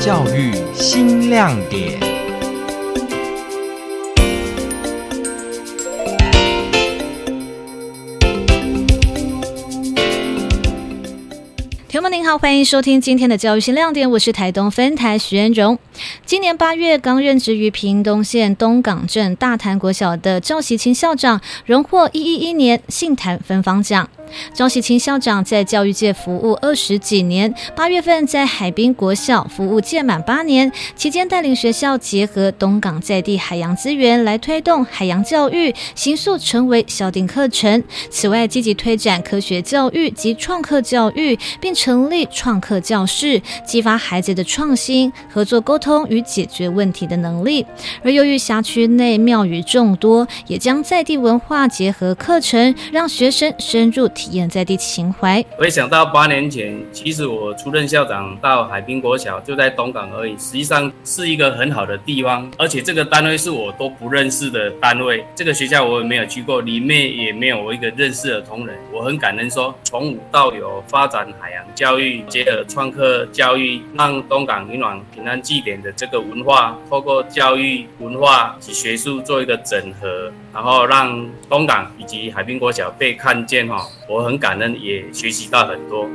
教育新亮點。同學們您好，歡迎收聽今天的教育新亮點。我是台東分台徐恩榮。今年八月剛任職於屏東縣東港鎮大潭國小的趙錫清校長，榮獲一一一年杏壇芬芳獎。趙錫清校長在教育界服務二十幾年，八月份在海濱國小服務屆滿八年，期間帶領學校結合東港在地海洋資源來推動海洋教育，形塑成為校訂課程。此外，積極推展科學教育及創客教育，並成立創客教室，激發孩子的創新、合作溝通與解決問題的能力。而由於轄區內廟宇眾多，也將在地文化結合課程，讓學生深入。體驗在地情懷。回想到八年前，其實我出任校長到海濱國小，就在東港而已。實際上是一個很好的地方，而且這個單位是我都不認識的單位。這個學校我也沒有去過，裡面也沒有我一個認識的同仁。我很感恩說，說從無到有發展海洋教育，結合創客教育，讓東港迎王平安祭典的這個文化，透過教育文化及學術做一個整合，然後讓東港以及海濱國小被看見哈。我很感恩，也學習到很多。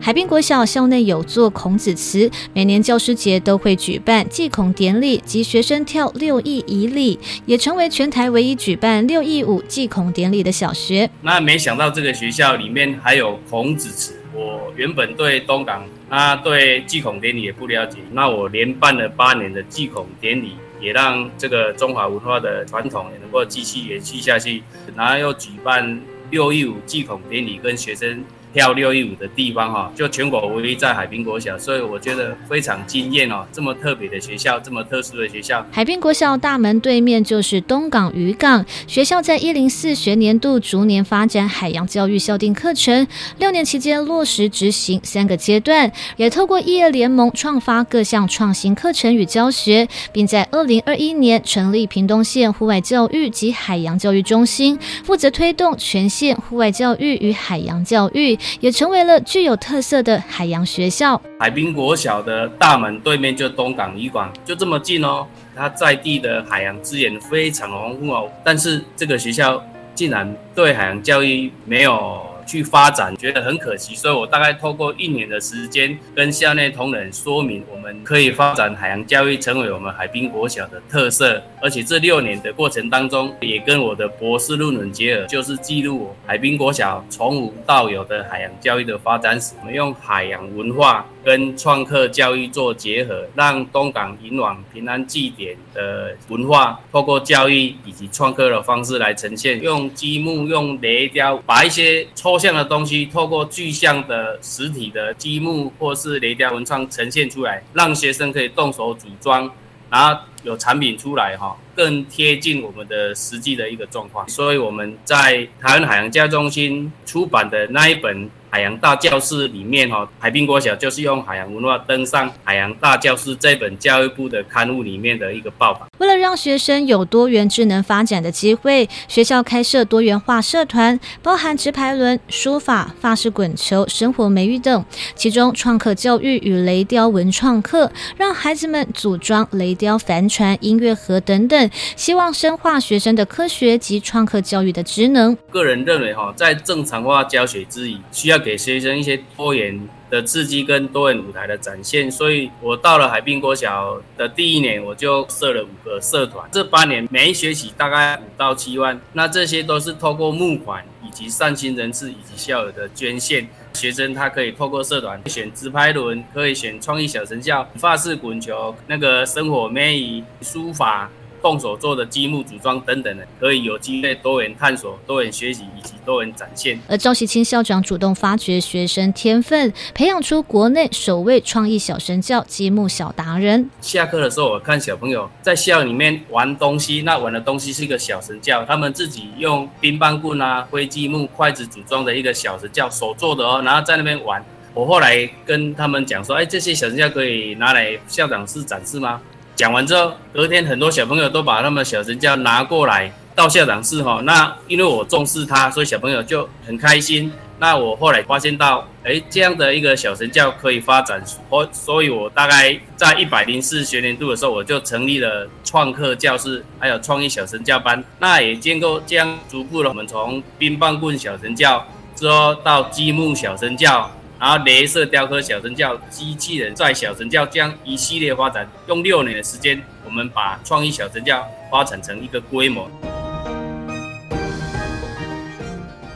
海濱國小校內有座孔子祠，每年教師節都會舉辦祭孔典禮及學生跳六佾儀禮，也成為全台唯一舉辦六佾舞祭孔典禮的小學。那沒想到這個學校裡面還有孔子祠，我原本對東港那對祭孔典禮也不了解，那我連辦了八年的祭孔典禮。也讓這個中華文化的傳統也能夠繼續延續下去，然後又舉辦六一五祭孔典禮跟學生。跳六一五的地方哈，就全國唯一在海濱國小，所以我覺得非常驚艷啊，這麼特別的學校，這麼特殊的學校，海濱國小大門對面就是東港漁港。學校在一零四學年度逐年發展海洋教育校定課程，六年期間落實執行三個階段，也透過異業聯盟創發各項創新課程與教學，並在二零二一年成立屏東縣戶外教育及海洋教育中心，負責推動全縣戶外教育與海洋教育。也成為了具有特色的海洋學校。海濱國小的大門對面就東港漁港，就這麼近哦。它在地的海洋資源非常豐富哦，但是這個學校竟然對海洋教育沒有。去發展，覺得很可惜，所以我大概透過一年的時間，跟校內同仁說明，我們可以發展海洋教育，成為我們海濱國小的特色。而且這六年的過程當中，也跟我的博士論文結合，就是記錄海濱國小從無到有的海洋教育的發展史。我們用海洋文化。跟創客教育做結合，讓東港迎王、平安祭典的文化，透過教育以及創客的方式來呈現，用積木、用雷雕，把一些抽象的東西，透過具象的實體的積木或是雷雕文創呈現出來，讓學生可以動手組裝，然後。有產品出來哈，更貼近我們的實際的一個狀況，所以我們在台灣海洋教育中心出版的那一本《海洋大教室》裡面哈，海濱國小就是用海洋文化登上海洋大教室這本教育部的刊物裡面的一個報導。為了讓學生有多元智能發展的機會，學校開設多元化社團，包含直排輪、書法、法式滾球、生活美育等，其中創客教育與雷雕文創課，讓孩子們組裝雷雕繁。傳音樂盒等等，希望深化學生的科學及創客教育的職能。個人認為，哈，在正常化教學之餘，需要給學生一些多元的刺激跟多元舞台的展現。所以我到了海濱國小的第一年，我就設了五個社團。這八年，每一學期大概五到七萬，那這些都是透過募款以及善心人士以及校友的捐獻。學生他可以透過社團選直排輪，可以選創意小成效、法式滾球、那個生活美儀、書法，動手做的積木組裝等等的，可以有機會多元探索、多元學習以及多元展現。而趙錫清校長主動發掘學生天分，培養出國內首位創意小神轎積木小達人。下課的時候，我看小朋友在校裡面玩東西，那玩的東西是一個小神轎，他們自己用冰棒棍啊、灰積木、筷子組裝的一個小神轎，手做的哦，然後在那邊玩。我後來跟他們講說：“哎，這些小神轎可以拿來校長室展示嗎？”講完之後，隔天很多小朋友都把他們小神轎拿過來到校長室吼。那因為我重視他，所以小朋友就很開心。那我後來發現到，哎，這樣的一個小神轎可以發展，所以我大概在一百零四學年度的時候，我就成立了創客教室，還有創意小神轎班。那也經過這樣逐步的，我們從冰棒棍小神轎之後到積木小神轎。然後雷射雕刻小神教機器人在小神教這樣一系列發展，用六年的時間，我們把創意小神教發展成一個規模。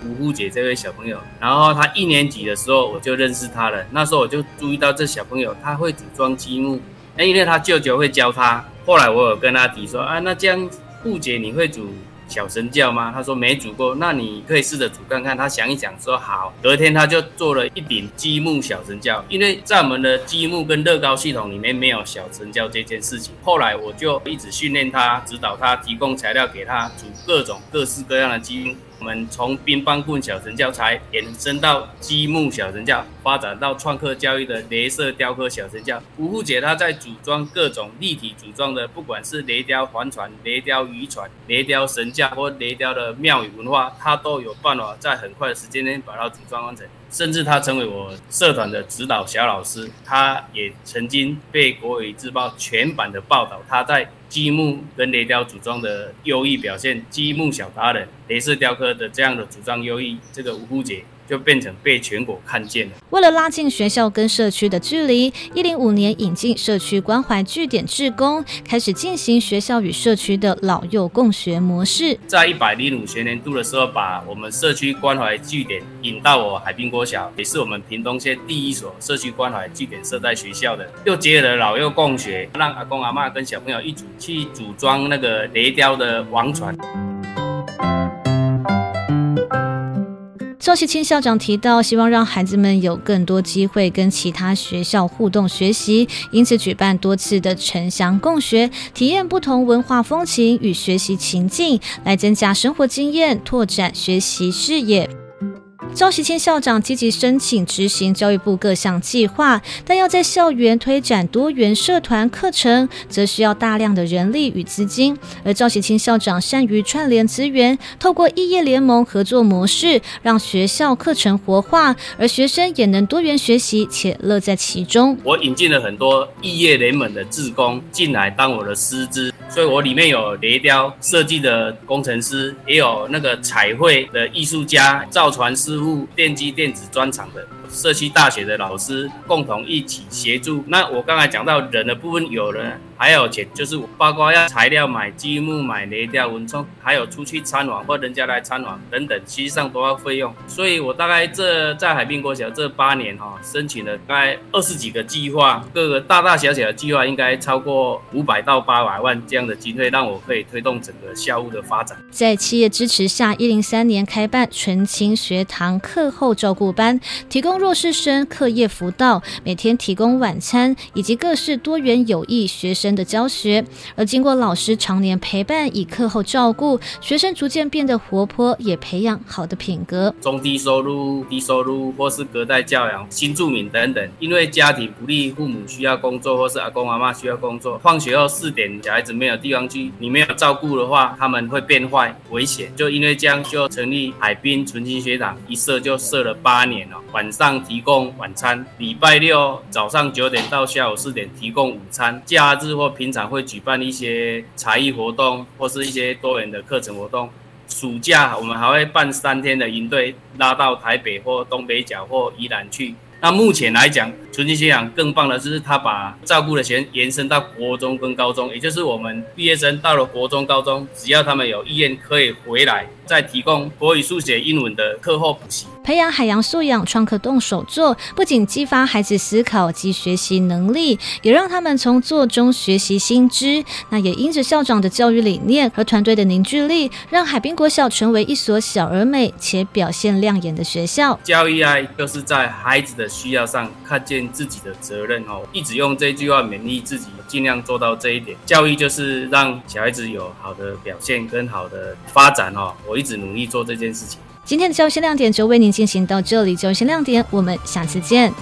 五姑 姐這位小朋友，然後他一年級的時候我就認識他了，那時候我就注意到這小朋友他會組裝積木，那因為他舅舅會教他，後來我有跟他提說啊，那這樣五姑姐你會組？小神轎嗎？他說沒組過，那你可以試着組看看。他想一想說好，隔天他就做了一頂積木小神轎，因為在我們的積木跟樂高系統裡面沒有小神轎這件事情。後來我就一直訓練他，指導他，提供材料給他組各種各式各樣的積木。我們從冰棒棍小神轎教材衍生到積木小神轎，發展到創客教育的雷射雕刻小神轎。吳姐她在組裝各種立體組裝的，不管是雷雕帆船、雷雕漁船、雷雕神轎或雷雕的廟宇文化，她都有辦法在很快的時間內把它組裝完成。甚至她成為我社團的指導小老師，她也曾經被《國語日報》全版的報道。她在。積木跟雷雕組裝的優異表現，積木小達人、雷射雕刻的這樣的組裝優異，這個無誤解。就變成被全國看見了。為了拉近學校跟社區的距離，一零五年引進社區關懷據點志工，開始進行學校與社區的老幼共學模式。在一百零五學年度的時候，把我們社區關懷據點引到我海濱國小，也是我們屏東縣第一所社區關懷據點設在學校的。又接着老幼共學，讓阿公阿嬤跟小朋友一起去組裝那個雷雕的王船。趙錫清校長提到，希望讓孩子們有更多機會跟其他學校互動學習，因此舉辦多次的城鄉共學，體驗不同文化風情與學習情境，來增加生活經驗，拓展學習視野。趙錫清校長積極申請執行教育部各項計劃，但要在校園推展多元社團課程，則需要大量的人力與資金。而趙錫清校長善於串聯資源，透過異業聯盟合作模式，讓學校課程活化，而學生也能多元學習且樂在其中。我引進了很多異業聯盟的志工進來當我的師資，所以我裡面有雷雕設計的工程師，也有那個彩繪的藝術家、造船師。電機電子專長的。社區大學的老師共同一起協助。那我剛才講到人的部分，有人還有錢，就是我包括要材料買積木、買雷雕文創，還有出去參訪或人家來參訪等等，實際上都要費用。所以，我大概這在海濱國小這八年哈、啊，申請了該二十幾個計劃，各個大大小小的計劃應該超過五百到八百萬這樣的經費，讓我可以推動整個校務的發展。在企業支持下，一零三年開辦純情學堂課後照顧班，提供。弱勢生課業輔導，每天提供晚餐以及各式多元有益學生的教學，而經過老師常年陪伴以課後照顧，學生逐漸變得活潑，也培養好的品格。中低收入、低收入或是隔代教養、新住民等等，因為家庭不利，父母需要工作，或是阿公阿嬤需要工作，放學後四點小孩子沒有地方去，你沒有照顧的話，他們會變壞，危險。就因為這樣，就成立海濱純青學堂，一設就設了八年了，晚上，提供晚餐，禮拜六早上九點到下午四點提供午餐。假日或平常會舉辦一些才藝活動，或是一些多元的課程活動。暑假我們還會辦三天的營隊，拉到台北或東北角或宜蘭去。那目前來講，純淨修養更棒的就是他把照顧的錢延伸到國中跟高中，也就是我們畢業生到了國中、高中，只要他們有意願，可以回來。在提供國語、書寫英文的課後補習，培養海洋素養、創客動手做，不僅激發孩子思考及學習能力，也讓他們從作中學習新知。那也因着校長的教育理念和團隊的凝聚力，讓海濱國小成為一所小而美且表現亮眼的學校。教育愛就是在孩子的需要上看見自己的責任哦，一直用這句話勉勵自己，盡量做到這一點。教育就是讓小孩子有好的表現跟好的發展哦，我。一直努力做這件事情。今天的教育新亮點就為您進行到這裡，教育新亮點，我們下次見。